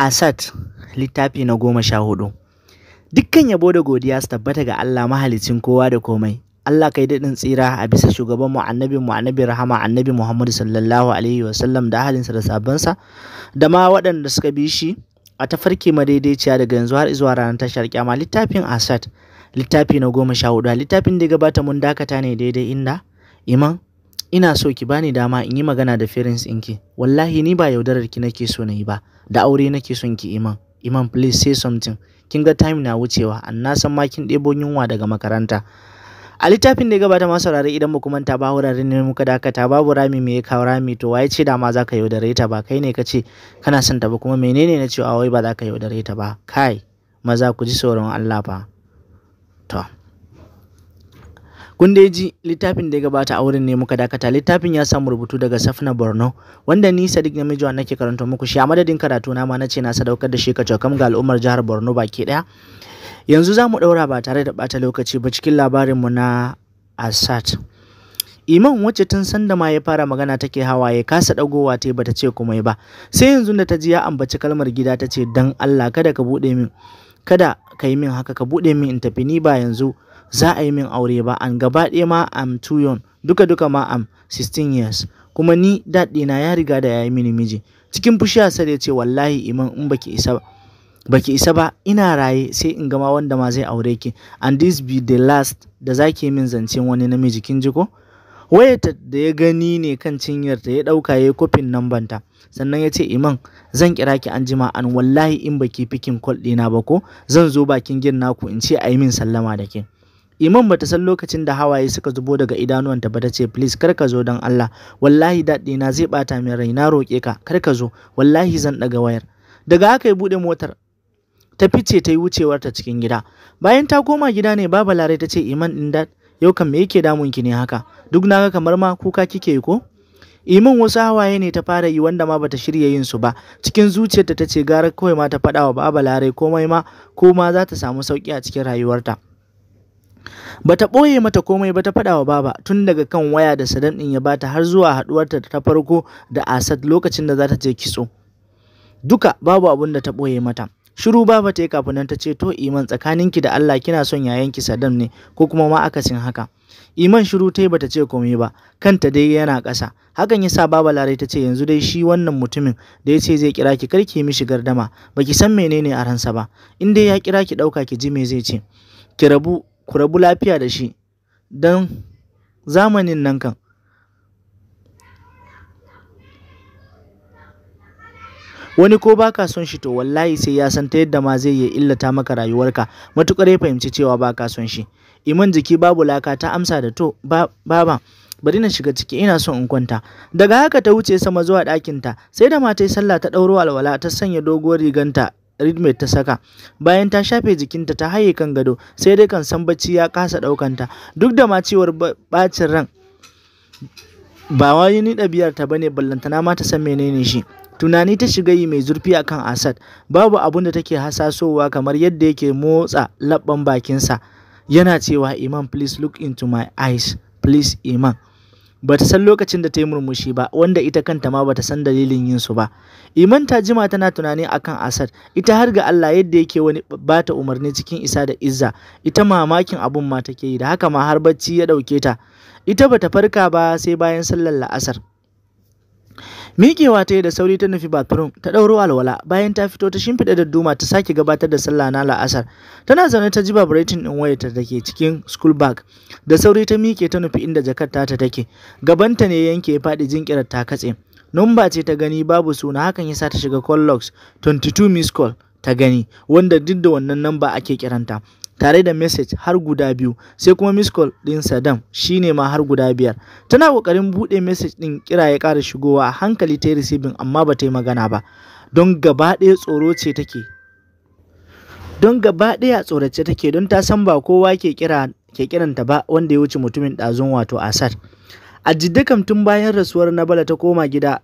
Asad littafi na goma sha hudu. Dukkan yabo da godiya su tabbata ga Allah mahalicin kowa da komai. Allah kai daɗin tsira a bisa shugaban annabi mu annabi rahama annabi Muhammadu sallallahu alaihi wasallam da halinsa da sabansa da ma waɗanda suka bi shi a tafarki madaidaiciya daga yanzu har zuwa ranar tashar kyama littafin Asad littafi na goma sha hudu littafin da gabata mun dakata ne daidai inda iman ina so ki bani dama in yi magana da firins inki wallahi ni ba yaudarar ki nake so na yi ba da aure nake son ki Iman, Iman please say something. Kin ga time na wucewa, an na san ma kin ɗebo yunwa daga makaranta. A littafin da ya gabata masu saurare idan ku manta ba wuraren ne muka dakata babu rami me ya kawo rami to waye ce da ma za ka yaudare ta ba kai ne ka ce kana son ta ba kuma menene na cewa wai ba za ka yaudare ta ba kai maza ku ji tsoron Allah ba. To. Kun dai ji littafin da ya gabata a wurin ne muka dakata littafin ya samu rubutu daga Safna Borno wanda ni Sadiq Namiji wannan nake karanto muku shi a madadin karatu na ma nace na sadaukar da shi ka cokam ga al'ummar jihar Borno baki daya. Yanzu zamu mu daura ba tare da bata lokaci ba cikin labarin mu na Asat. Iman wacce tun sanda ma ya fara magana take ya kasa dagowa ta bata ce komai ba sai yanzu da ta ji ya ambaci kalmar gida ta ce dan Allah kada ka bude min kada ka yi min haka ka buɗe min in tafi ni ba yanzu za a yi min aure ba an gaba ɗaya ma am too duka duka ma am 16 years kuma ni dad ɗina ya riga da ya yi mini miji cikin fushi a ya ce wallahi iman in baki isa ba baki isa ba ina raye sai in gama wanda ma zai aure ki and this be the last da zaki min zancen wani namiji kin ji ko Wayarta da ya gani ne kan cinyarta ya ɗauka ya yi kwafin banta sannan ya ce Iman, zan kira ki an jima an wallahi in baki fikin kwal ɗina ba ko zan zo bakin gin naku in ce a yi min sallama da ke. Iman bata san lokacin da hawaye suka zubo daga idanuwanta ba ta ce please kar ka zo don Allah wallahi daɗina zai bata min rai na roƙe ka kar ka zo wallahi zan ɗaga wayar. Daga haka ya buɗe motar ta fice ta yi wucewarta cikin gida bayan ta koma gida ne baba larai ta ce iman din da yau kan me yake damun ki ne haka duk naga kamar ma kuka kike ko imin wasu hawaye ne ta fara yi wanda ma bata shirya yin su ba cikin zuciyarta ta ce gara kawai ma ta faɗa wa baba larai komai ma ko ma za ta samu sauki a cikin rayuwarta bata ɓoye mata komai ba ta faɗa wa baba tun daga kan waya da sadan ɗin ya bata har zuwa haɗuwarta ta farko da asad lokacin da za ta je kitso duka babu abin da ta ɓoye mata Shiru baba ta yi kafin nan ta ce to Iman tsakanin ki da Allah kina son yayanki sadam ne ko kuma ma akasin haka. Iman shiru ta yi bata ce komai ba, kanta dai yana ƙasa. Hakan ya sa Baba Larai ta ce yanzu dai shi wannan mutumin da ya ce zai kira ki karki mishi gardama, baki san menene a ransa ba. In dai ya kira ki ɗauka ki ji me zai ce. Ki rabu, ku rabu lafiya da shi. Dan zamanin nan kan wani ko ba ka son shi to wallahi sai ya san ta yadda ma zai iya illata maka rayuwarka matukar ya fahimci cewa ba ka son shi iman jiki babu laka ta amsa da to baba bari na shiga ciki ina son in kwanta daga haka ta wuce sama zuwa ɗakinta sai da matai sallah ta ɗauro alwala ta sanya doguwar riganta Ridmate ta saka bayan ta shafe jikinta ta haye kan gado sai dai kan san bacci ya kasa ɗaukanta duk da ma cewar bacin ran ba wani ni ɗabi'ar ta bane ballantana ma ta san menene shi Tunani ta shiga yi mai zurfi akan asad babu abun da take hasasowa kamar yadda yake motsa labban bakinsa. Yana cewa Iman please look into my eyes, please Iman. ba ta san lokacin da ta yi murmushi ba wanda ita kanta ma ba ta san dalilin yin su ba iman ta jima tana tunani akan asad ita har ga allah yadda yake wani ba ta umarni cikin isa da izza ita mamakin abun ma take yi da haka ma har bacci ya ɗauke ta ita ba ta farka ba sai bayan sallar la'asar Mikewa ta yi da sauri ta nufi bathroom ta ɗauro alwala bayan ta fito ta shimfiɗa da duma ta sake gabatar da sallah na la'asar tana zaune ta ji vibrating ɗin wayarta da ke cikin school bag da sauri ta mike ta nufi inda jakar ta take gabanta ne yanke ya faɗi jinkirar ta katse numba ce ta gani babu suna hakan ya sa ta shiga call logs 22 miss call ta gani wanda duk da wannan namba ake kiranta tare da message har guda biyu sai kuma miss call din Saddam shine ma har guda biyar. Tana kokarin buɗe message ɗin kira ya ƙara shigowa a hankali ta yi receiving amma ba ta yi magana ba don gaba ɗaya tsoro ce take. Don gaba ɗaya tsorace take don ta san ba kowa ke kira ke kiranta ba wanda ya wuce mutumin ɗazun wato Asad. A jiddakam tun bayan rasuwar Nabala ta koma gida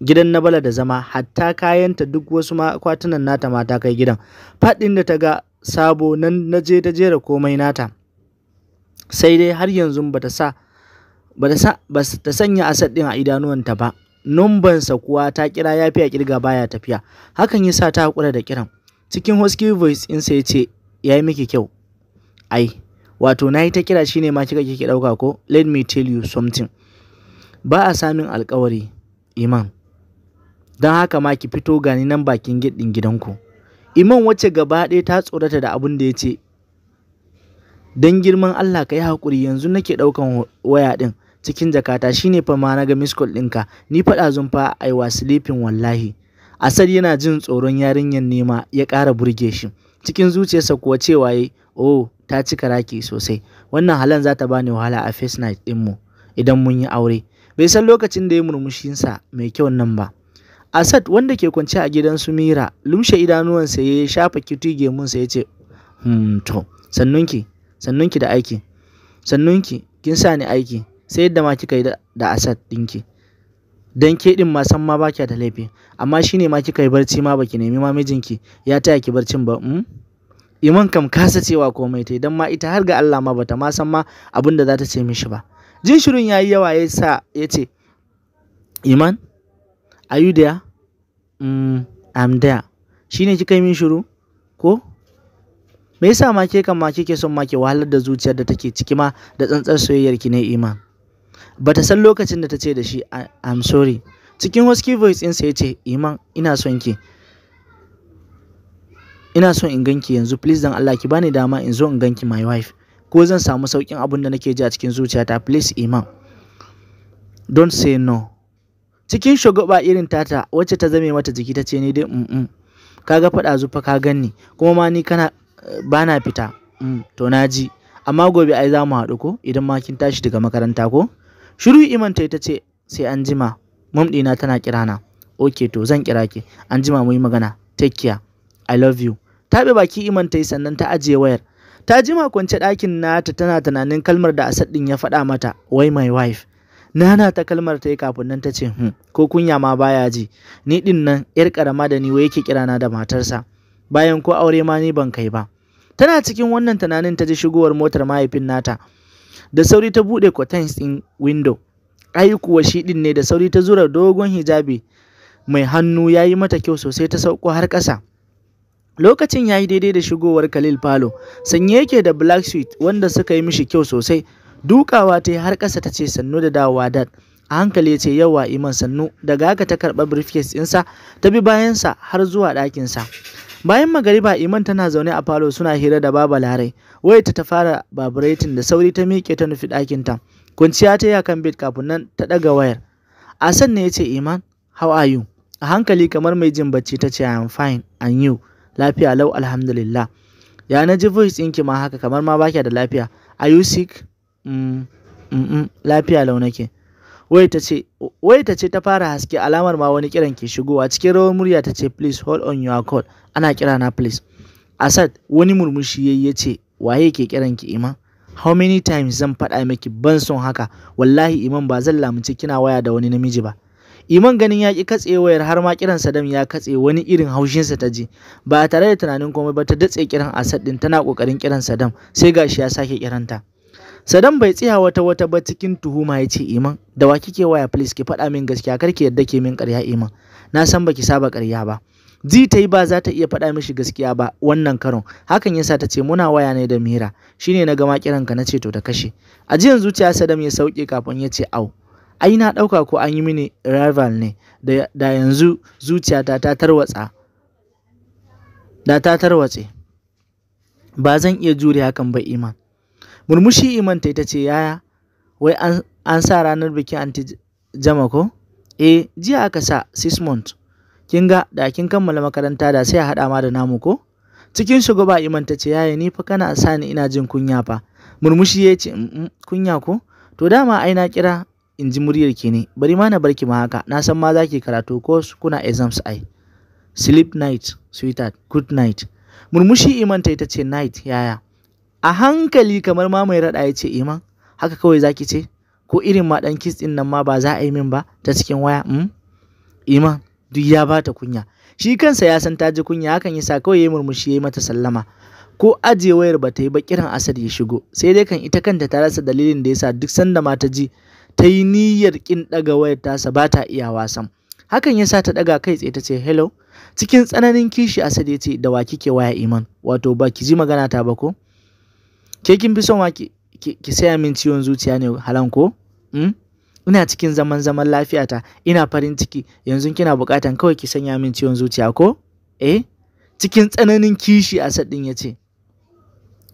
gidan Bala da zama hatta kayanta duk wasu akwatunan nata mata kai gidan. Faɗin da ta ga sabo nan na je ta jera komai nata sai dai har yanzu bata sa ta sanya asad ɗin a idanuwanta ba numbansa kuwa ta kira ya fiya a kirga baya tafiya hakan ya sa ta haƙura da kiran cikin husky voice in sai ce ya yi miki kyau ai wato na yi ta kira shine ma kika kike ɗauka ko let me tell you something ba a samun alkawari iman don haka ma ki fito gani nan bakin gidin gidanku Iman wacce gaba ɗaya ta tsorata da abin da ya ce, don girman Allah ka yi haƙuri yanzu nake ɗaukan waya ɗin cikin jakata shi ne fama na ga miskol ɗinka ni faɗa zun fa yi wallahi. Asad yana jin tsoron yarinyar nema ya ƙara burge shi cikin zuciyarsa kuwa cewa ya oh ta ci karaki sosai wannan halan za ta bani wahala a face night ɗinmu idan mun yi aure bai san lokacin da ya murmushinsa mai kyau nan ba. Asad wanda ke kwance a gidan su Mira lumshe idanuwansa ya shafa kitu gemunsa ya ce, "Hmm to, sannunki, sannunki da aiki, sannunki, kin sa ni aiki, sai yadda ma kika yi da Asad ɗinki. Dan ke din ma san ma ba da laifi, amma shi ne ma kika yi barci ma baki nemi ma mijinki ya taya ki barcin ba, hmm? Iman kam kasa cewa komai ta idan ma ita har ga Allah ma bata ma san ma abin da za ta ce mishi ba. Jin shirin ya yi yawa ya sa ce, Iman, are Mm, I'm there. Shi ne kika yi min shiru? Ko? Me yasa ma ke kan ma kike son ma ke wahalar da zuciyar da take ciki ma da tsantsar soyayyar ki ne Iman? Bata san lokacin da ta ce da shi I'm sorry. Cikin husky voice ɗinsa ya ce Iman ina son ki. Ina son in ganki yanzu please dan Allah ki bani dama in zo in ganki my wife. Ko zan samu saukin abin da nake ji a cikin zuciyata please Iman. Don't say no. Cikin shagwaɓa irin tata wacce ta zame mata jiki ta ce ni dai mm kaga faɗa zufa ka ganni kuma ma ni kana eh, ba na fita mm, to na ji amma gobe ai za mu haɗu ko idan ma kin tashi daga makaranta ko. Shiru iman ta ita ce sai an jima mum ɗina tana kirana. Ok to zan kira ki an jima mu yi magana take care I love you. Ta Taɓe baki iman ta yi sannan ta ajiye wayar. ta jima kwance ɗakin nata tana tunanin kalmar da Asad ɗin ya faɗa mata, wai my wife, Nana ta kalmar ta yi kafin nan ta ce, "Hm, ko kunya ma baya ji, ni din nan ‘yar karama da ni wai yake kirana da matarsa, bayan ko aure ma ni ban kai ba." Tana cikin wannan tunanin ta ji shigowar motar mahaifin nata, da sauri ta bude curtains ɗin window. Ai kuwa shi ɗin ne da sauri ta zura dogon hijabi mai hannu yayi mata kyau sosai ta sauko har kasa Lokacin yayi daidai da shigowar Khalil Palo, sanye yake da black suit wanda suka yi mishi kyau sosai, Dukawa ta yi har ƙasa ta ce sannu da dawowa dad. A hankali ya ce yawa iman sannu daga haka ta karɓa briefcase ɗinsa ta bi bayansa har zuwa ɗakinsa. Bayan magariba iman tana zaune a falo suna hira da baba larai. wai ta fara baburaitin, da sauri ta miƙe ta nufi ɗakinta. Kunciya ta yi kan bed kafin nan ta ɗaga wayar. Asan ne ya ce iman how are you? A hankali kamar mai jin bacci ta ce I am fine and you lafiya lau alhamdulillah. Ya na ji voice ɗinki ma haka kamar ma baki da lafiya. Are you sick? Mm, mm, mm. lafiya lau nake. Wayar ta ce, ta ce ta fara haske alamar ma wani kiran ke shigowa. Cikin rawar murya ta ce please hold on your call. Ana kira na please. Asad wani murmushi yayi ya ce waye ke kiran ki Iman? How many times zan faɗa miki ban son haka? Wallahi Iman ba zan lamunci kina waya da wani namiji ba. Iman ganin ya ki katse wayar har ma kiran Sadam ya katse wani irin haushinsa ta ji. Ba tare da tunanin komai ba ta datse kiran Asad din tana kokarin kiran Sadam sai gashi ya sake kiranta. sadam bai tsaya wata wata ba cikin tuhuma ya ce Iman, da wa kike waya please ki faɗa min gaskiya kar ki yadda ke min ƙarya Iman. Na san baki saba ƙarya ba. Ji ta yi ba za ta iya faɗa mishi gaskiya ba wannan karon. Hakan yasa ta ce muna waya ne da Mira. Shine na gama kiranka na ce to ta kashe. Ajiyan zuciya Sadam ya sauke kafin ya ce au. Ai na ɗauka ko an yi mini rival ne da, da yanzu zuciyata ta tarwatsa. Da ta tarwatse. Ba zan iya jure hakan ba Iman. Murmushi imanta ita ce, Yaya, wai an sa ranar bikin anti jama ko? Eh, jiya aka sa six month Kin ga da kin kammala makaranta da sai a haɗa ma da namu ko? Cikin shugaba ba imanta ce, Yaya, ni fa kana sa ni ina jin kunya fa. Murmushi ya ce, mm, mm, Kunya ko? To dama ai na kira in ji muryar ki ne, bari ma na barki ma haka, na san ma za ki karatu ko kuna exams ai. Sleep night, sweetheart, good night. Murmushi imanta ita ce, Night, yaya. a hankali kamar ma mai raɗa ya ce iman haka kawai zaki ce ko irin ma ɗan kis ɗin nan ma ba za a yi min ba ta cikin waya hmm? iman duk ya ba ta kunya shi kansa ya san ta ji kunya hakan yasa kawai ya murmushi ya yi mata sallama ko ajiye wayar ba ta yi ba kiran asad ya shigo sai dai kan ita kanta ta rasa dalilin da yasa duk sanda ma ta ji ta yi niyyar kin ɗaga wayar tasa ba ta iya wasan hakan ya sa ta ɗaga kai tsaye ta ce hello cikin tsananin kishi asad ya ce da wa kike waya iman wato ba ki ji magana ta ba ko ke kin fi son wa ki saya min ciwon zuciya ne halan ko hmm? ina cikin zaman zaman ta. ina farin ciki yanzu kina bukatan kawai ki sanya min ciwon zuciya ko eh cikin tsananin kishi asad din ya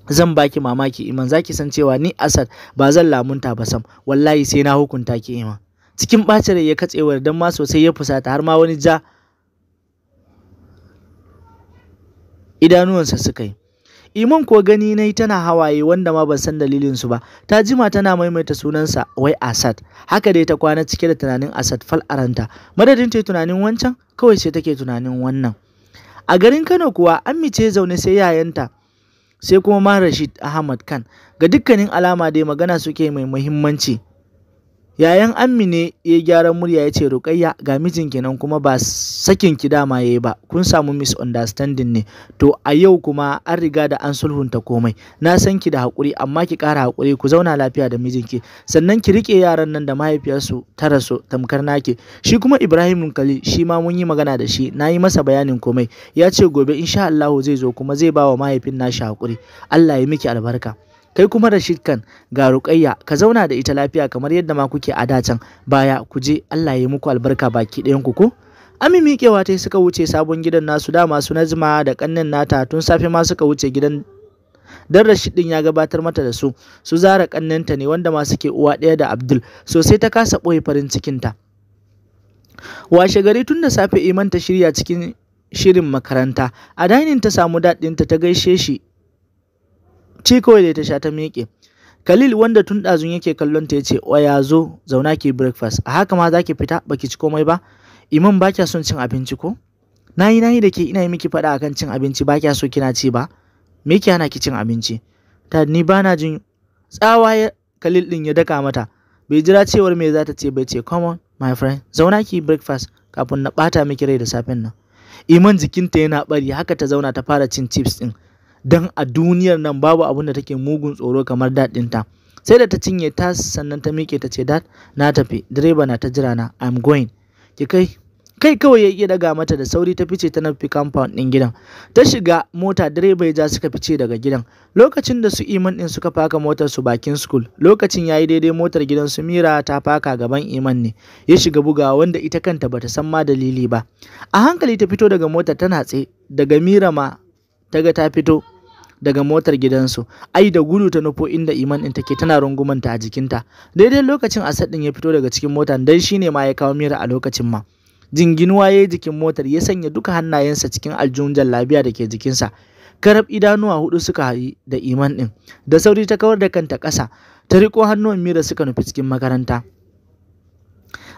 zan baki mamaki iman zaki san cewa ni asad ba zan lamunta ba sam wallahi sai na hukunta ki iman cikin bacin ya katsewar dan ma sosai ya fusata har ma wani ja idanuwansa suka yi Iman ko gani na yi tana hawaye wanda ma ban san dalilin su ba. Ta jima tana maimaita sunansa wai Asad. Haka dai ta kwana cike da tunanin Asad fal aranta. Madadin ta tunanin wancan kawai sai take tunanin wannan. A garin Kano kuwa mice zaune sai yayanta sai kuma ma Rashid Ahmad Khan. Ga dukkanin alama dai magana suke mai muhimmanci. Yayan Ammi ya yi gyaran murya ya ce, Rukayya ga mijinki nan kuma ba sakin ki dama ya yi ba, kun samu misunderstanding ne, to a yau kuma an riga da an sulhunta komai, na san ki da hakuri amma ki kara hakuri ku zauna lafiya da mijinki, sannan ki rike yaran nan da mahaifiyarsu ta rasu tamkar nake. Shi kuma Ibrahim Kali shi ma mun yi magana da shi, na yi masa bayanin komai, ya ce gobe insha Allahu zai zo kuma zai ba wa mahaifin nashi hakuri Allah ya miki albarka. kai kuma Rashid kan ga ruƙayya ka zauna da ita lafiya kamar yadda ma kuke a dacan baya ku je Allah ya muku albarka baki ɗayan ku ko Ami miƙewa ta suka wuce sabon gidan nasu da na Nazma da kannin nata tun safe ma suka wuce gidan dan Rashid din ya gabatar mata da su su zara ta ne wanda ma suke uwa ɗaya da Abdul sosai ta kasa ɓoye farin cikinta washe gari tun da safe Iman ta shirya cikin shirin makaranta a dainin ta samu daɗinta ta gaishe shi ci kawai da ta sha ta miƙe Khalil wanda tun ɗazun yake kallon ta yace ya zo zauna ki breakfast a haka ma za ki fita Ba ki ci komai ba Iman ba kya son cin abinci ko nayi nayi da ke ina yi miki faɗa akan cin abinci ba kya so kina ci ba me yake hana ki cin abinci ta ni na jin tsawa ya Khalil din ya daka mata bai jira cewar me za ta ce bai ce come on my friend zauna ki breakfast kafin na ɓata miki rai da safen nan iman jikinta yana bari haka ta zauna ta fara cin chips ɗin. don a duniyar nan babu abin da take mugun tsoro kamar daɗinta. Sai da ta cinye ta sannan ta miƙe ta ce dad na tafi direba na ta jira na I'm going. Ki kai kai kawai ya iya daga mata da sauri ta fice ta nufi compound din gidan. Ta shiga mota direba ya ja suka fice daga gidan. Lokacin da su Iman din suka faka motar su bakin school, lokacin yayi daidai motar gidan su Mira ta faka gaban Iman ne. Ya shiga bugawa wanda ita kanta bata san ma dalili ba. A hankali ta fito daga mota tana tse daga Mira ma ta ga ta fito daga motar gidansu ai da gudu ta nufo inda iman din take tana rungumanta a jikinta daidai lokacin asad din ya fito daga cikin motar dan shine ma ya kawo mira a lokacin ma jinginuwa ya jikin motar ya sanya duka hannayensa cikin aljunjan jallabiya da ke jikinsa karab idanuwa hudu suka yi da iman din da sauri ta kawar da kanta ƙasa ta riko hannuwan mira suka nufi cikin makaranta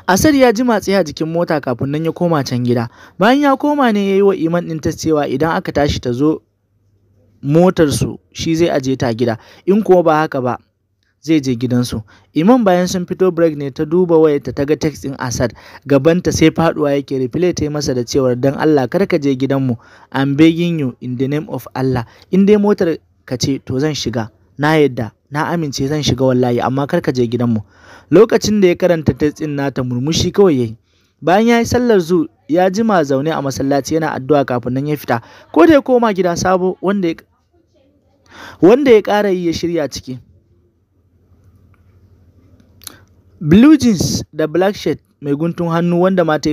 Asar ya ji matsi a jikin mota kafin nan ya koma can gida. Bayan ya koma ne ya yi wa Iman din ta cewa idan aka tashi ta zo motarsu shi zai aje ta gida in kuwa ba haka ba zai je gidansu imam bayan sun fito break ne ta duba wayarta ta ga text din asad gabanta sai faduwa yake reply ta yi masa da cewar dan allah kar ka je gidanmu i'm begging you in the name of allah in dai motar ka ce to zan shiga na yadda na amince zan shiga wallahi amma kar ka je gidanmu lokacin da ya karanta text din nata murmushi kawai yayi bayan ya yi sallar zu ya jima zaune a masallaci yana addu'a kafin nan ya fita ko da ya koma gida sabo wanda ya wanda ya ƙara yi ya shirya ciki. Blue jeans da black shirt mai guntun hannu wanda mata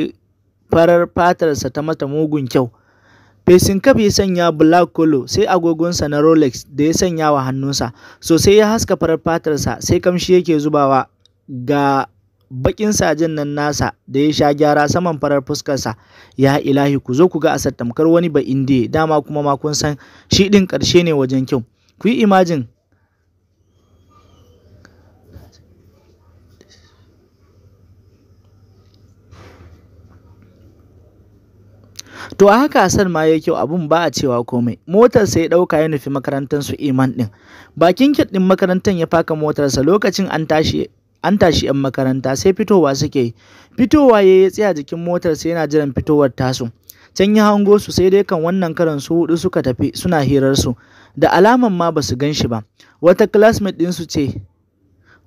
farar fatarsa ta mata mugun kyau. Facing cap ya sanya black colo sai agogonsa na Rolex da ya sanya wa hannunsa, sosai ya haska farar fatarsa sai kamshi yake zubawa ga baƙin sajen nan nasa da ya sha gyara saman farar fuskarsa ya ilahi ku zo ku ga asar tamkar wani ba inde dama kuma ma kun san shi ɗin karshe ne wajen kyau ku yi imajin To a haka san ma ya kyau abun ba a cewa komai. Motar sai ya ɗauka ya nufi makarantar su Iman din. Bakin kit din makarantar ya faka motarsa lokacin an tashi an tashi 'yan makaranta sai fitowa suke fitowa ya tsaya jikin motar sai yana jiran fitowar tasu can ya hango su sai dai kan wannan karan su hudu suka tafi suna hirar su da alaman ma basu gan shi ba wata classmate din su ce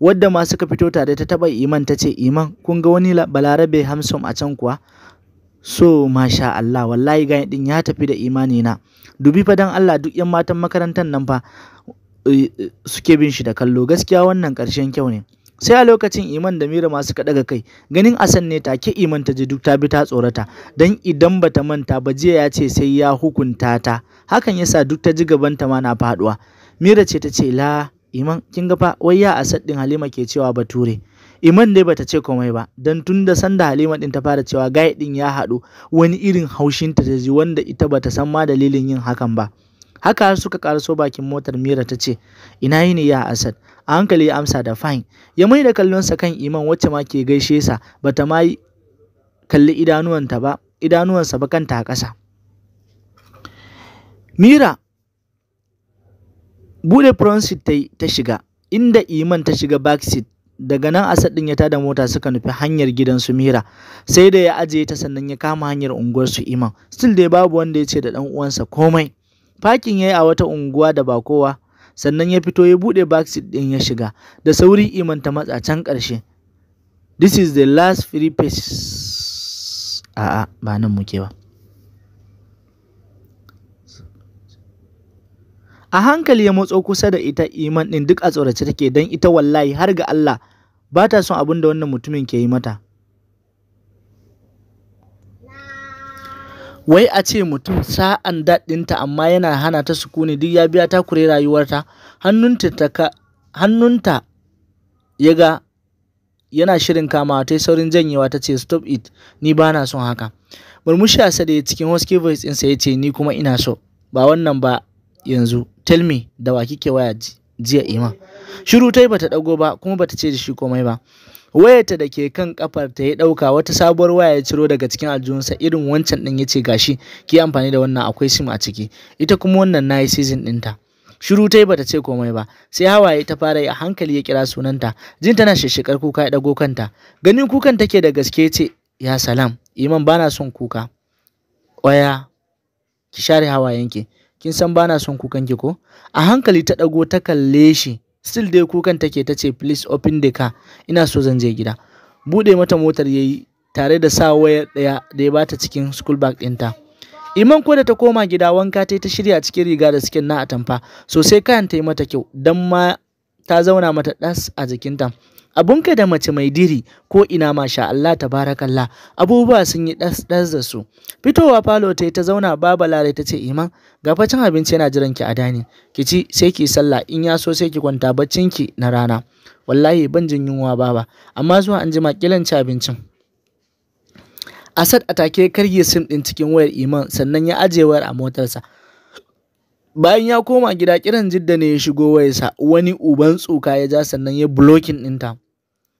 wadda ma suka fito tare ta taba iman ta ce iman kun ga wani balarabe hamsom a can kuwa so masha Allah wallahi ga din ya tafi da imani na dubi fa dan Allah duk yan matan makarantar nan fa eh, eh, suke bin shi da kallo gaskiya wannan karshen kyau ne sai a lokacin iman da mira masu kaɗaga kai ganin asan ne take iman ta ji duk ta bi ta tsorata don idan bata manta ba jiya ya ce sai ya hukunta ta hakan yasa duk ta ji gabanta ma na faɗuwa mira ce ta ce la iman kin ga fa wai ya asad din halima ke cewa bature iman dai bata ce komai ba don tun da sanda halima ɗin ta fara cewa gai din ya haɗu wani irin haushin ta ji wanda ita bata san ma dalilin yin hakan ba haka suka karaso bakin motar mira ta ce ina ne ya asad a hankali ya amsa da fine ya mai da kallonsa kan iman wacce ma ke gaishe sa ta ma kalli idanuwanta ba idanuwansa ba kanta a ƙasa mira bude fronsit ta, ta shiga inda iman ta shiga backseat daga nan asad din ya tada mota suka nufi hanyar gidan su mira sai da ya ajiye ta sannan ya kama hanyar unguwar su iman still dai babu wanda ya ce da dan uwansa komai fakin yayi a wata unguwa da ba kowa sannan ya fito ya buɗe seat ɗin ya shiga da sauri imanta ta matsa can ƙarshe this is the last free pass a'a ba nan muke ba a hankali ya motso kusa da ita iman ɗin duk a tsorace take don ita wallahi har ga Allah ba ta son abin da wannan mutumin ke yi mata Wai a ce mutum sa'an daɗinta, amma yana hana ta sukuni duk ya biya takure rayuwarta, hannunta ya ga yana shirin kamawa ta yi saurin janyewa ta ce stop it ni ba na son haka. Murmushi a sade cikin husky voice ɗinsa ya ce ni kuma ina so ba wannan ba yanzu tell me da wa kike waya jiya ima. Shiru ta yi bata ɗago ba kuma bata ce da shi komai ba. wayarta da ke kan kafar ta ya dauka wata sabuwar waya ya ciro daga cikin aljihunsa irin wancan din yace gashi ki amfani da wannan akwai sim a ciki ita kuma wannan nayi season dinta shiru ta yi bata ce komai ba sai hawaye ta fara yi a hankali ya kira sunanta jin tana shishshikar kuka ya dago kanta ganin kukan take da gaske ce ya salam iman bana son kuka oya ki share hawayenki kin san bana son kukan ki ko a hankali ta dago ta kalle shi still dai kukan take ta ce please open the car ina so zan je gida bude mata motar yayi tare da sa wayar daya da ya bata cikin school bag ɗinta iman ko da ta koma gida wanka ta ta shirya cikin riga da cikin na atamfa sosai kayan ta yi mata kyau dan ma ta zauna mata ɗas a jikinta abunka da mace mai diri ko ina masha Allah ta barakallah, abubuwa sun yi ɗas da su fitowa falo ta ta zauna baba lare ta ce iman ga facin abinci yana jiran ki a dani ki ci sai ki sallah in ya so sai ki kwanta baccin ki na rana wallahi ban jin yunwa baba amma zuwa an jima kilan ci abincin Asad atake karye sim din cikin wayar Iman sannan ya aje wayar a motarsa bayan ya koma gida kiran jidda ne ya shigo wayarsa wani uban tsoka ya ja sannan ya blocking ɗinta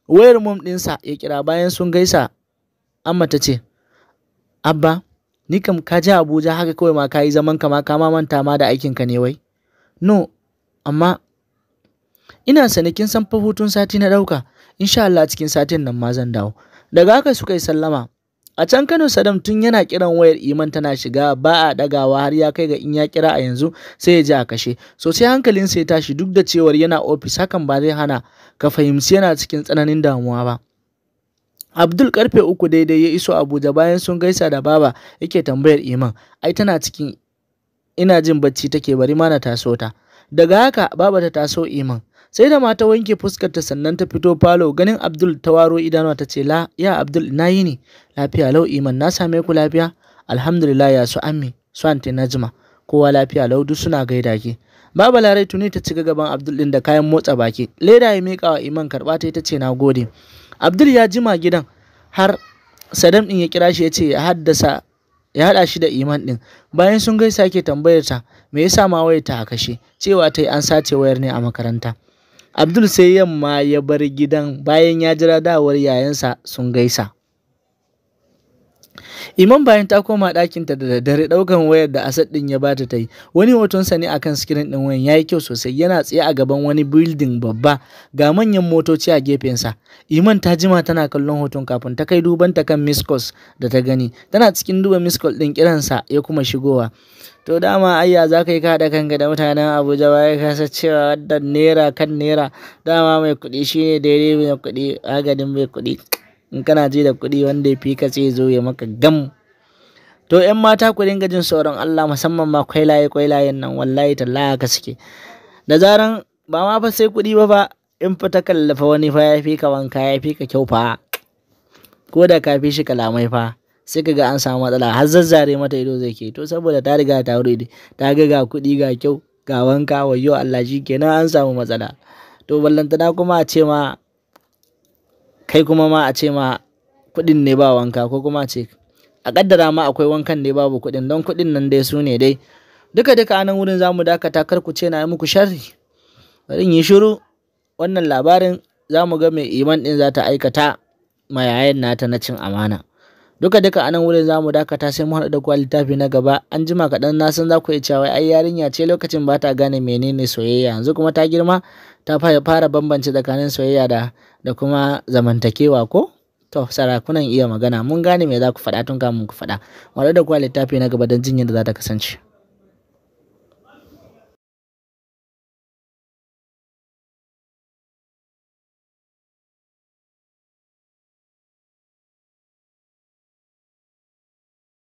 Wayar mum ɗinsa ya kira bayan sun gaisa Amma ta ce, Abba, ni kam ka je Abuja haka kawai ma ka yi zaman ka ma ka ma manta ma da aikinka ne wai. No, amma ina sane kin san fa hutun sati na ɗauka, insha Allah cikin satin nan ma zan dawo. Daga haka suka yi sallama, A can Kano Sadam tun yana kiran wayar Iman tana shiga ba a dagawa har ya kai ga in ya kira a yanzu sai ya ji a kashe. Sosai sai hankalin sai tashi duk da cewar yana ofis hakan ba zai hana ka fahimci yana cikin tsananin damuwa ba. Abdul karfe uku daidai ya iso Abuja bayan sun gaisa da baba yake tambayar Iman ai tana cikin ina jin bacci take bari mana taso ta. Daga haka baba ta taso Iman sai da mata wanke fuskarta sannan ta fito falo ganin abdul ta waro idanuwa ta ce la ya abdul na yi ne lafiya lau iman na same ku lafiya alhamdulillah ya su ammi su anti najma kowa lafiya lau duk suna gaida ki baba larai tuni ta cika gaban abdul din da kayan motsa baki leda ya miƙa wa iman karɓa ta ita ce na gode abdul ya jima gidan har sadam din ya kira shi ya ce ya haddasa ya haɗa shi da iman ɗin bayan sun gaisa ke tambayar ta me yasa ma wayar ta a kashe cewa ta yi an sace wayar ne a makaranta Abdul sai yamma ya bar gidan bayan ya jira dawar yayansa sun gaisa. Iman bayan ta koma ɗakinta da daddare ɗaukan wayar da Asad ɗin ya bata ta yi. Wani hotonsa ne akan sikirin ɗin wayan yi kyau sosai yana tsaye a gaban wani bildin babba ga manyan motoci a gefensa. Iman ta jima tana kallon hoton kafin ta kai dubanta kan miskos da ta gani. Tana cikin duba miskos ɗin kiransa ya kuma shigowa. to dama ayya za ka yi ka kanka da mutanen abuja baya ya cewa wadda naira kan naira dama mai kuɗi shine daidai mai kuɗi agadin mai kuɗi in kana ji da kuɗi wanda ya fi ka sai zo ya maka gam to yan mata ku dinga jin tsoron Allah musamman ma kwailaye kwailayen nan wallahi tallaha ka suke da zaran ba ma fa sai kuɗi ba fa in fa ta kallafa wani fa ya fi ka wanka ya fi ka kyau fa ko da ka fi shi kalamai fa sai ka ga an samu matsala har zazzare mata ido zai ke to saboda ta riga ta wuri ta ga ga kuɗi ga kyau ga wanka wayo Allah shi kenan an samu matsala to ballantana kuma a ce ma kai kuma ma a ce ma kuɗin ne ba wanka ko kuma a ce a kaddara ma akwai wankan ne babu kuɗin don kuɗin nan dai su ne dai duka duka anan wurin zamu dakata kar ku ce na yi muku sharri bari yi shiru wannan labarin zamu ga mai iman din za ta aikata mayayen nata na cin amana duka duka anan wurin zamu dakata sai mu haɗu da kuwa littafi na gaba an jima kaɗan na san za ku yi cewa ai yarinya ce lokacin ba ta gane menene soyayya yanzu kuma ta girma ta fara bambance tsakanin soyayya da da kuma zamantakewa ko to sarakunan iya magana mun gane me za ku faɗa tun kamun ku faɗa mu da kuwa littafi na gaba don jin yadda za ta kasance